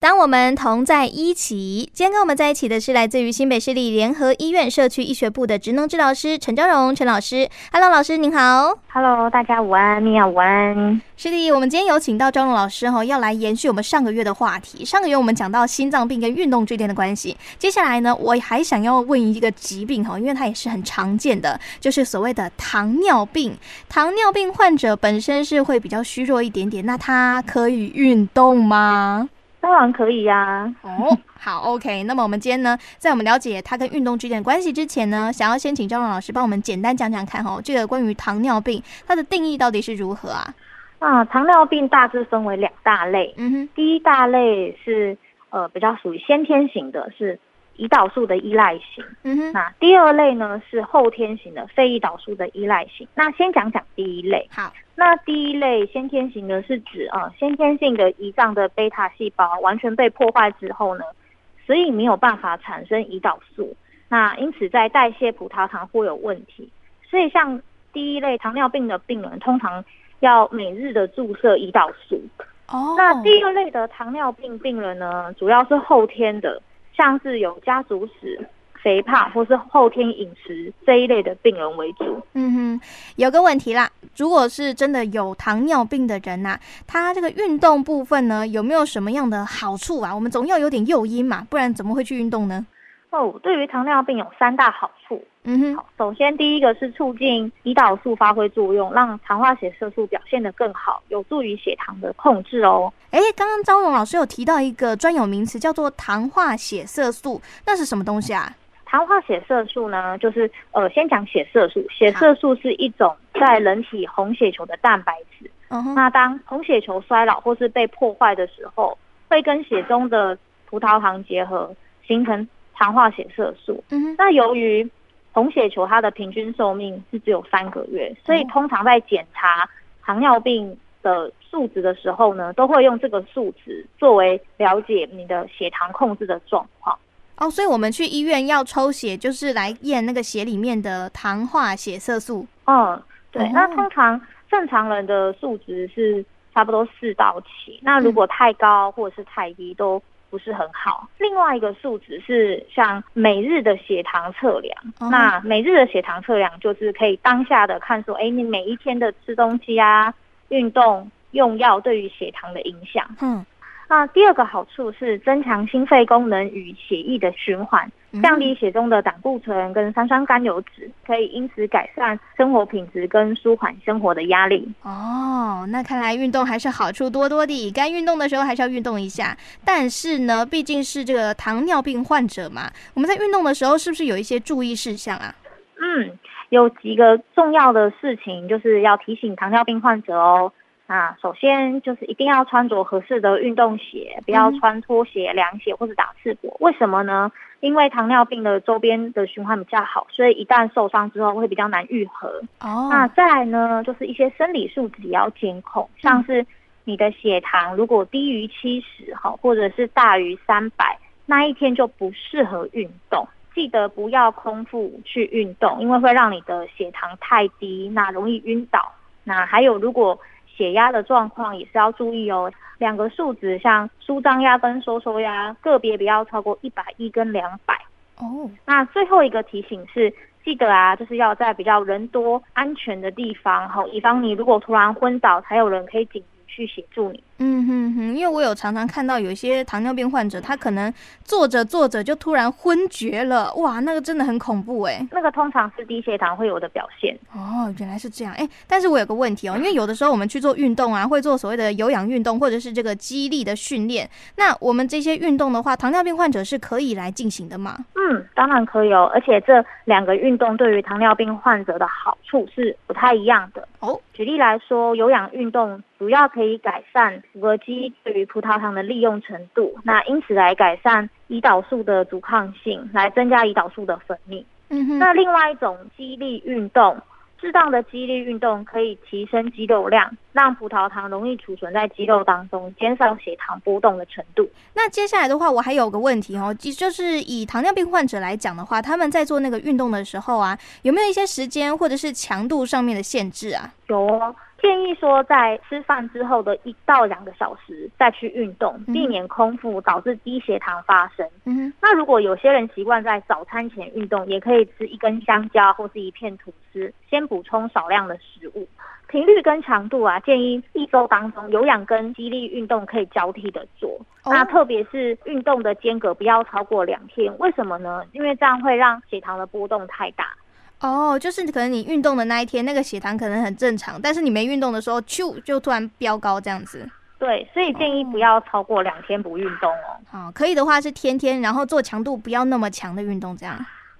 當我們同在一起，今天跟我們在一起的是來自於新北市立聯合醫院社區醫學部的職能治療師陳昭蓉陳老師。Hello，老師您好。Hello，大家午安，你好，午安。師弟，我們今天有請到昭蓉老師哈，要來延續我們上個月的話題。上個月我們講到心臟病跟運動之間的關係，接下來呢，我還想要問一個疾病哈，因為它也是很常見的，就是所謂的糖尿病。糖尿病患者本身是會比較虛弱一點點，那他可以運動嗎？當然可以呀、啊！哦，好，OK。那麼我們今天呢，在我們了解它跟運動之間的關係之前呢，想要先請昭蓉老師幫我們簡單講講看哦，這個關於糖尿病它的定義到底是如何啊？啊，糖尿病大致分為兩大類。嗯哼，第一大類是呃比較屬於先天型的，是胰島素的依賴型。嗯哼，那第二類呢是後天型的，非胰島素的依賴型。那先講講第一類。好。那第一類先天型呢，是指啊、呃、先天性的胰臟的貝塔細胞完全被破壞之後呢，所以沒有辦法產生胰島素。那因此在代謝葡萄糖會有問題，所以像第一類糖尿病的病人，通常要每日的注射胰島素。哦，oh. 那第二類的糖尿病病人呢，主要是後天的，像是有家族史、肥胖或是後天飲食這一類的病人為主。嗯哼，有個問題啦。如果是真的有糖尿病的人吶、啊，他這個運動部分呢，有沒有什麼樣的好處啊？我們總要有點誘因嘛，不然怎麼會去運動呢？哦，對於糖尿病有三大好處。嗯哼，好，首先第一個是促進胰島素發揮作用，讓糖化血色素表現得更好，有助於血糖的控制哦。哎，剛剛昭蓉老師有提到一個專有名詞，叫做糖化血色素，那是什麼東西啊？糖化血色素呢，就是呃，先講血色素。血色素是一種在人體紅血球的蛋白質。嗯、哼那當紅血球衰老或是被破壞的時候，會跟血中的葡萄糖結合，形成糖化血色素。嗯哼，那由於紅血球它的平均壽命是只有三個月，所以通常在檢查糖尿病的數值的時候呢，都會用這個數值作為了解你的血糖控制的狀況。哦，所以我們去醫院要抽血，就是來驗那個血裡面的糖化血色素。嗯、哦，對。哦哦，那通常正常人的數值是差不多四到七。那如果太高或者是太低，都不是很好。嗯、另外一個數值是像每日的血糖測量。哦哦，那每日的血糖測量就是可以當下的看說，哎，你每一天的吃東西啊、運動、用藥對於血糖的影響。嗯。那第二個好處是增強心肺功能與血液的循環，降低、嗯、血中的膽固醇跟三酸甘油脂，可以因此改善生活品質跟舒緩生活的壓力。哦，那看來運動還是好處多多的，該運動的時候還是要運動一下。但是呢，畢竟是這個糖尿病患者嘛，我們在運動的時候是不是有一些注意事項啊？嗯，有幾個重要的事情就是要提醒糖尿病患者哦。那首先就是一定要穿着合適的運動鞋，不要穿拖鞋、嗯、涼鞋或者打赤膊。為什麼呢？因為糖尿病的周邊的循環比較好，所以一旦受傷之後會比較難癒合。哦。那再來呢，就是一些生理數值也要監控，嗯、像是你的血糖如果低於七十哈，或者是大於三百，那一天就不適合運動。記得不要空腹去運動，因為會讓你的血糖太低，那容易暈倒。那還有如果。血壓的狀況也是要注意哦，兩個數值像舒張壓跟收縮壓，個別不要超過一百一跟兩百。哦，oh. 那最後一個提醒是，記得啊，就是要在比較人多安全的地方，吼，以防你如果突然昏倒，才有人可以緊。去協助你，嗯哼哼，因為我有常常看到有一些糖尿病患者，他可能做着做着就突然昏厥了。哇，那個真的很恐怖哎、欸。那個通常是低血糖會有的表現哦。原來是這樣哎、欸。但是我有個問題哦，因為有的時候我們去做運動啊，會做所謂的有氧運動或者是這個肌力的訓練，那我們這些運動的話，糖尿病患者是可以來進行的嗎？嗯，當然可以哦，而且這兩個運動對於糖尿病患者的好處是不太一樣的哦。舉例來說，有氧運動主要。可以改善骨骼肌對於葡萄糖的利用程度，那因此來改善胰島素的阻抗性，來增加胰島素的分泌。嗯哼。那另外一種肌力運動，適當的肌力運動可以提升肌肉量，讓葡萄糖容易儲存在肌肉當中，減少血糖波動的程度。那接下來的話，我還有個問題哦，就是以糖尿病患者來講的話，他們在做那個運動的時候啊，有沒有一些時間或者是強度上面的限制啊？有哦。建議說，在吃飯之後的一到兩個小時再去運動，嗯、哼避免空腹導致低血糖發生。嗯哼，那如果有些人習慣在早餐前運動，也可以吃一根香蕉或是一片吐司，先補充少量的食物。頻率跟強度啊，建議一周當中有氧跟肌力運動可以交替的做。哦、那特別是運動的間隔不要超過兩天，為什麼呢？因為這樣會讓血糖的波動太大。哦，就是可能你運動的那一天，那個血糖可能很正常，但是你沒運動的時候，咻就突然飆高這樣子。對，所以建議不要超過兩天不運動哦。好，哦，可以的話是天天，然後做強度不要那麼強的運動這樣。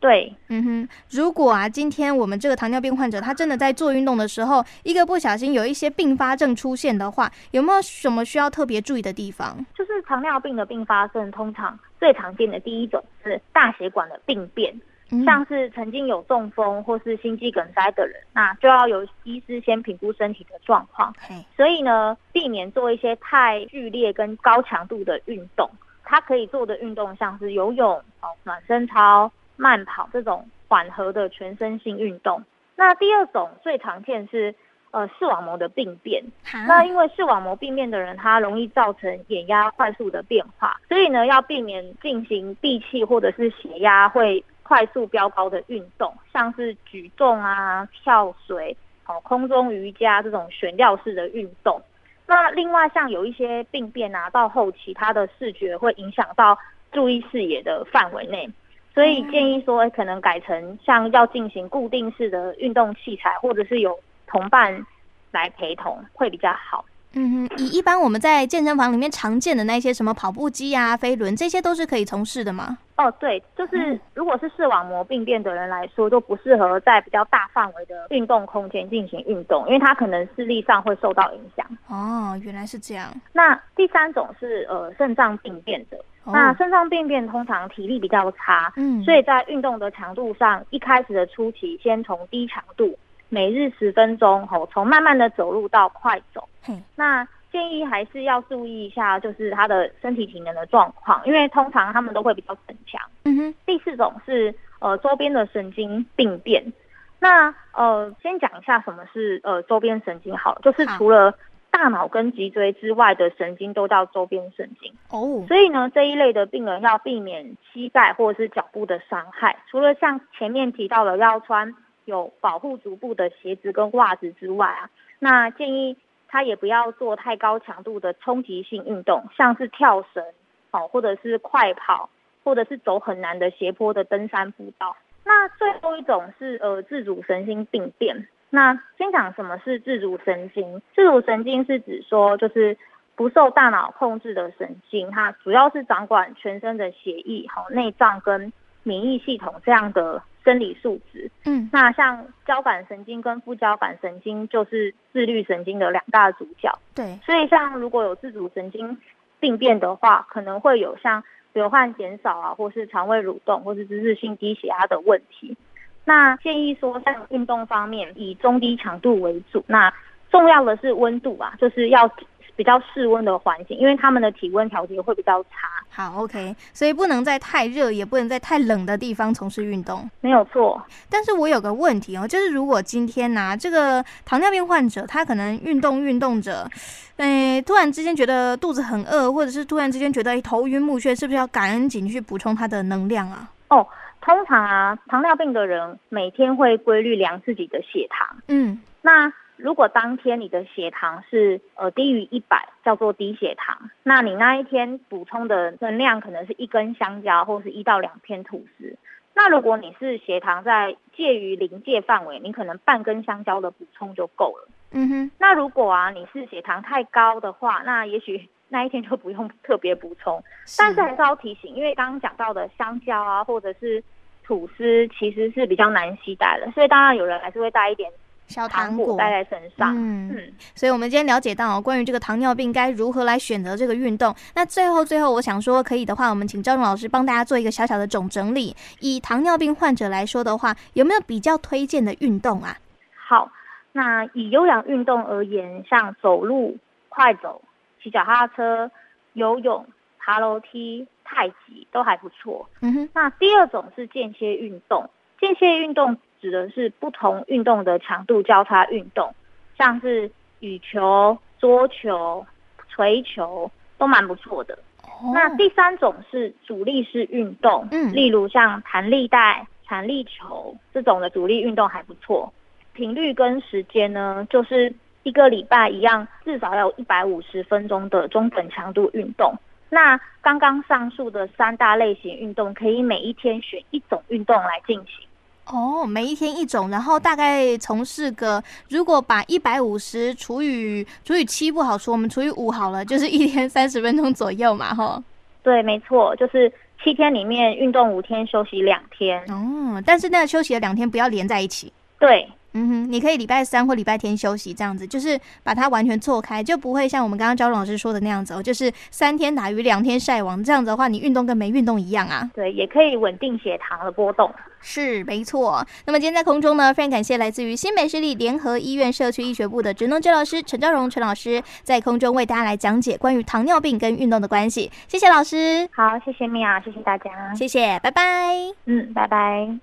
對，嗯哼。如果啊，今天我們這個糖尿病患者他真的在做運動的時候，一個不小心有一些併發症出現的話，有沒有什麼需要特別注意的地方？就是糖尿病的併發症，通常最常見的第一種是大血管的病變。像是曾經有中風或是心肌梗塞的人，那就要由醫師先評估身體的狀況。嘿所以呢，避免做一些太劇烈跟高強度的運動。他可以做的運動像是游泳、哦、呃、暖身操、慢跑這種緩和的全身性運動。那第二種最常見是呃視網膜的病變。哈那因為視網膜病變的人，他容易造成眼壓快速的變化，所以呢要避免進行閉氣或者是血壓會。快速飆高的運動，像是舉重啊、跳水、哦空中瑜伽這種懸吊式的運動。那另外像有一些病變啊，到後期它的視覺會影響到注意視野的範圍內，所以建議說可能改成像要進行固定式的運動器材，或者是有同伴來陪同會比較好。嗯哼，以一般我們在健身房裡面常見的那些什麼跑步機啊、飛輪，這些都是可以從事的嗎？哦，對，就是如果是視網膜病變的人來說，就不適合在比較大範圍的運動空間進行運動，因為他可能視力上會受到影響。哦，原來是這樣。那第三種是呃腎臟病變的，哦、那腎臟病變通常體力比較差，嗯，所以在運動的強度上，一開始的初期先從低強度。每日十分鐘，吼，從慢慢的走路到快走。嘿那建議還是要注意一下，就是他的身體體能的狀況，因為通常他們都會比較逞強。嗯哼。第四種是呃周邊的神經病變，那呃先講一下什麼是呃周邊神經好了，好，就是除了大腦跟脊椎之外的神經都叫周邊神經。哦。所以呢，這一類的病人要避免膝蓋或者是腳部的傷害，除了像前面提到的要穿。有保護足部的鞋子跟襪子之外啊，那建議他也不要做太高強度的衝擊性運動，像是跳繩，好或者是快跑，或者是走很難的斜坡的登山步道。那最後一種是呃自主神經病變。那先講什麼是自主神經？自主神經是指說就是不受大腦控制的神經，它主要是掌管全身的血液、好內臟跟免疫系統這樣的。生理素質。嗯，那像交感神經跟副交感神經就是自律神經的兩大主角。對，所以像如果有自主神經病變的話，可能會有像流汗減少啊，或是腸胃蠕動，或是姿勢性低血壓的問題。那建議說，像運動方面以中低強度為主。那重要的是溫度啊，就是要。比較室溫的環境，因為他們的體溫調節會比較差。好，OK，所以不能在太熱，也不能在太冷的地方從事運動。沒有錯。但是我有個問題哦，就是如果今天啊，這個糖尿病患者，他可能運動運動着，哎、欸，突然之間覺得肚子很餓，或者是突然之間覺得頭暈目眩，是不是要趕緊去補充他的能量啊？哦，通常啊，糖尿病的人每天會規律量自己的血糖。嗯，那。如果當天你的血糖是呃，低於一百，叫做低血糖，那你那一天補充的能量可能是一根香蕉或者是一到兩片吐司。那如果你是血糖在介於臨界範圍，你可能半根香蕉的補充就夠了。嗯哼。那如果啊，你是血糖太高的話，那也許那一天就不用特別補充。是。但是還是要提醒，因為剛剛講到的香蕉啊或者是吐司其實是比較難攜帶的，所以當然有人還是會帶一點，小糖果帶在身上，嗯，嗯，所以，我們今天了解到，喔，關於這個糖尿病該如何來選擇這個運動。那最後，最後，我想說，可以的話，我們請昭蓉老師幫大家做一個小小的總整理。以糖尿病患者來說的話，有沒有比較推薦的運動啊？好，那以有氧運動而言，像走路、快走、騎腳踏車、游泳、爬樓梯、太極都還不錯。嗯哼。那第二種是間歇運動，間歇運動。指的是不同運動的強度交叉運動，像是羽球、桌球、槌球都蠻不錯的。Oh. 那第三種是阻力式運動，嗯，例如像彈力帶、彈力球這種的阻力運動還不錯。頻率跟時間呢，就是一個禮拜一樣，至少要有一百五十分鐘的中等強度運動。那剛剛上述的三大類型運動，可以每一天選一種運動來進行。哦，每一天一種，然後大概從四個，如果把一百五十除以，除以七不好除，我們除以五好了，就是一天三十分鐘左右嘛，哈。對，沒錯，就是七天裡面運動五天，休息兩天。哦，但是那個休息的兩天不要連在一起。對。嗯哼，你可以禮拜三或禮拜天休息，這樣子就是把它完全錯開，就不會像我們剛剛昭蓉老師說的那樣子哦，就是三天打魚兩天曬網。這樣子的話，你運動跟沒運動一樣啊？對，也可以穩定血糖的波動。是，沒錯。那麼今天在空中呢，非常感謝來自於新北市立聯合醫院社區醫學部的職能治療師陳昭蓉陳老師，在空中為大家來講解關於糖尿病跟運動的關係。謝謝老師。好，謝謝米婭、啊，謝謝大家，謝謝，拜拜。嗯，拜拜。